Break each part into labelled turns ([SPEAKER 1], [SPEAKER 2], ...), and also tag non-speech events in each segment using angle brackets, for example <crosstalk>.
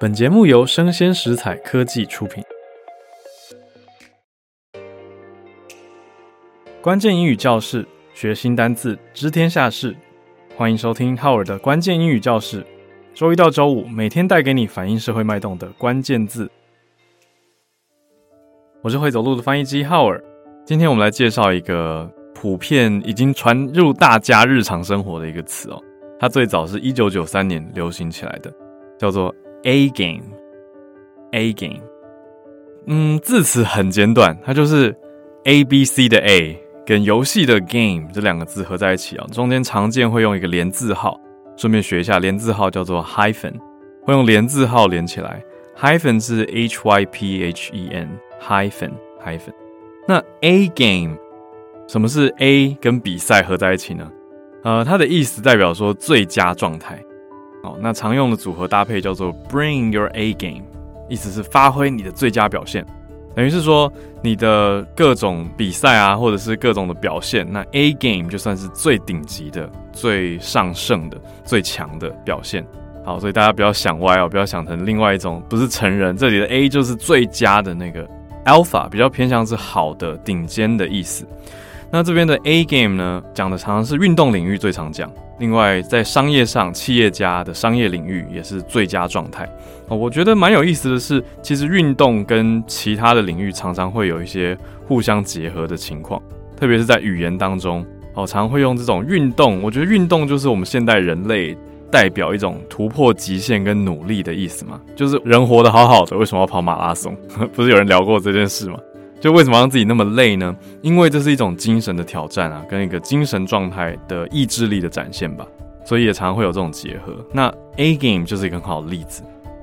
[SPEAKER 1] 本節目由生鮮食材科技出品。關鍵英語教室，學新單詞，知天下事。歡迎收聽浩 d 的關鍵英語教室。周一到周五，每天帶給你反映社會脈動的關鍵字。我是會走路的翻譯機浩 d 今天我們來介紹一個普遍已經傳入大家日常生活的一個詞哦。它最早是一九九三年流行起來的，叫做。A game, A game，嗯，字詞很簡短，它就是 A B C 的 A 跟遊戲的 game 這兩個字合在一起啊、哦，中間常見會用一個連字號，順便學一下連字號叫做 hyphen，會用連字號連起來，hyphen 是 h y p h e n hyphen hyphen。那 A game，什麼是 A 跟比賽合在一起呢？呃，它的意思代表說最佳狀態。好，那常用的組合搭配叫做 "bring your A game"，意思是發揮你的最佳表現，等於是說你的各種比賽啊，或者是各種的表現，那 A game 就算是最頂級的、最上乘的、最強的表現。好，所以大家不要想歪哦、喔，不要想成另外一種不是成人，這裡的 A 就是最佳的那個 alpha，比較偏向是好的、頂尖的意思。那這邊的 A-game 呢，講的常常是運動領域最常講。另外，在商業上，企業家的商業領域也是最佳狀態。哦，我覺得蠻有意思的是，其實運動跟其他的領域常常會有一些互相結合的情況，特別是在語言當中，哦，常會用這種運動。我覺得運動就是我們現代人類代表一種突破極限跟努力的意思嘛。就是人活得好好的，為什麼要跑馬拉松？ <laughs> 不是有人聊過這件事嗎？就為什麼讓自己那麼累呢？因為這是一種精神的挑戰啊，跟一個精神狀態的意志力的展現吧，所以也常常會有這種結合。那 A-game 就是一個很好的例子，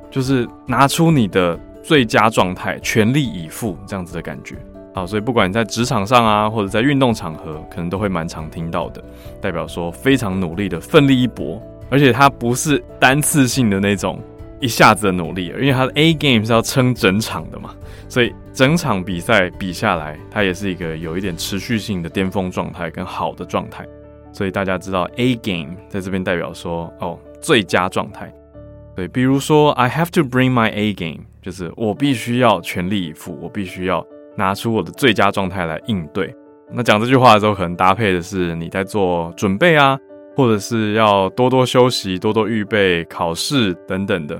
[SPEAKER 1] 就是拿出你的最佳狀態，全力以赴這樣子的感覺。好，所以不管你在職場上啊，或者在運動場合，可能都會蠻常聽到的，代表說非常努力的奮力一搏，而且它不是單次性的那種。一下子的努力，因為他的 A game 是要撐整場的嘛，所以整場比賽比下來，他也是一個有一點持續性的巔峰狀態跟好的狀態。所以大家知道 A game 在這邊代表說哦，最佳狀態。對，比如說 I have to bring my A game，就是我必須要全力以赴，我必須要拿出我的最佳狀態來應對。那講這句話的時候，可能搭配的是你在做準備啊，或者是要多多休息、多多預備，考試等等的。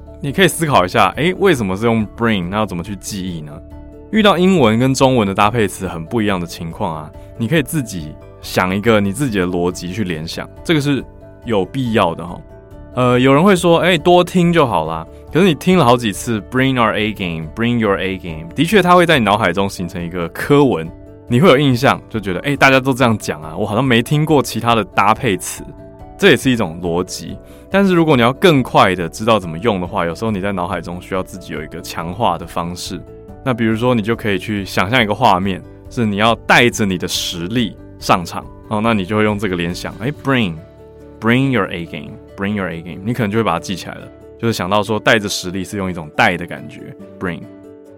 [SPEAKER 1] 你可以思考一下，哎、欸，為什麼是用 bring？那要怎麼去記憶呢？遇到英文跟中文的搭配詞很不一樣的情況啊，你可以自己想一個你自己的邏輯去聯想，這個是有必要的哈、哦。呃，有人會說，哎、欸，多聽就好啦。可是你聽了好幾次，bring our A game，bring your A game，的確，它會在你腦海中形成一個課文，你會有印象，就覺得，哎、欸，大家都這樣講啊，我好像沒聽過其他的搭配詞。這也是一種邏輯，但是如果你要更快的知道怎麼用的話，有時候你在腦海中需要自己有一個強化的方式。那比如說，你就可以去想象一個畫面，是你要帶着你的實力上場哦，那你就會用這個聯想，哎，bring，bring your A game，bring your A game，你可能就會把它記起來了，就是想到說帶着實力是用一種帶的感覺，bring。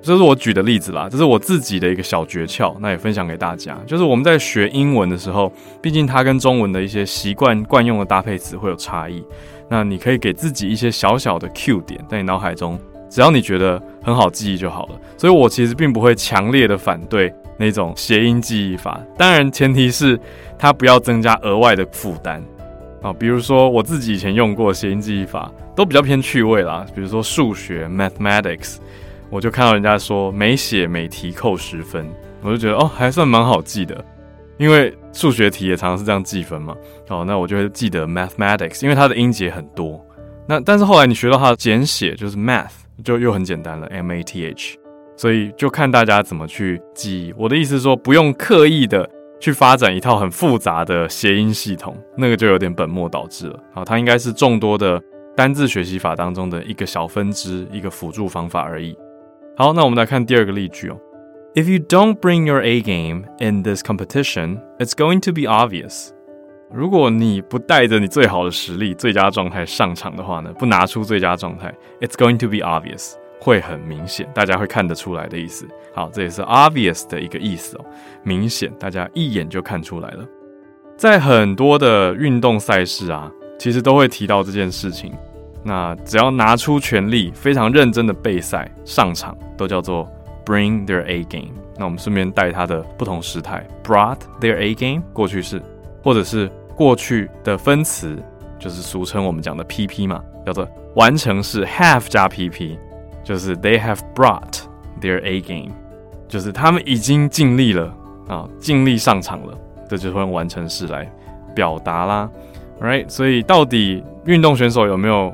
[SPEAKER 1] 這是我舉的例子啦，這是我自己的一個小訣竅，那也分享給大家。就是我們在學英文的時候，畢竟它跟中文的一些習慣慣用的搭配詞會有差異，那你可以給自己一些小小的 Q 點，在你腦海中，只要你覺得很好記憶就好了。所以我其實並不會強烈的反對那種諧音記憶法，當然前提是它不要增加額外的負擔啊。比如說我自己以前用過諧音記憶法，都比較偏趣味啦，比如說數學 mathematics。我就看到人家說每寫每題扣十分，我就覺得哦，還算蠻好記的，因為數學題也常常是這樣記分嘛。好，那我就會記得 mathematics，因為它的音節很多。那但是後來你學到它的簡寫就是 math，就又很簡單了 M-A-T-H。所以就看大家怎麼去記憶。我的意思是說，不用刻意的去發展一套很複雜的諧音系統，那個就有點本末倒置了。好，它應該是眾多的單字學習法當中的一個小分支，一個輔助方法而已。好，那我們來看第二個例句哦。If you don't bring your A-game in this competition, it's going to be obvious。如果你不帶着你最好的實力、最佳狀態上場的話呢，不拿出最佳狀態，it's going to be obvious，會很明顯，大家會看得出來的意思。好，這也是 obvious 的一個意思哦，明顯，大家一眼就看出來了。在很多的運動賽事啊，其實都會提到這件事情。那只要拿出全力，非常認真的備賽、上場，都叫做 bring their A-game。那我們順便帶它的不同時態，brought their A-game 過去式，或者是過去的分詞，就是俗稱我們講的 PP 嘛，叫做完成式，have 加 PP，就是 they have brought their A-game，就是他們已經盡力了啊，盡力上場了，這就是用完成式來表達啦。All right，所以到底運動選手有沒有？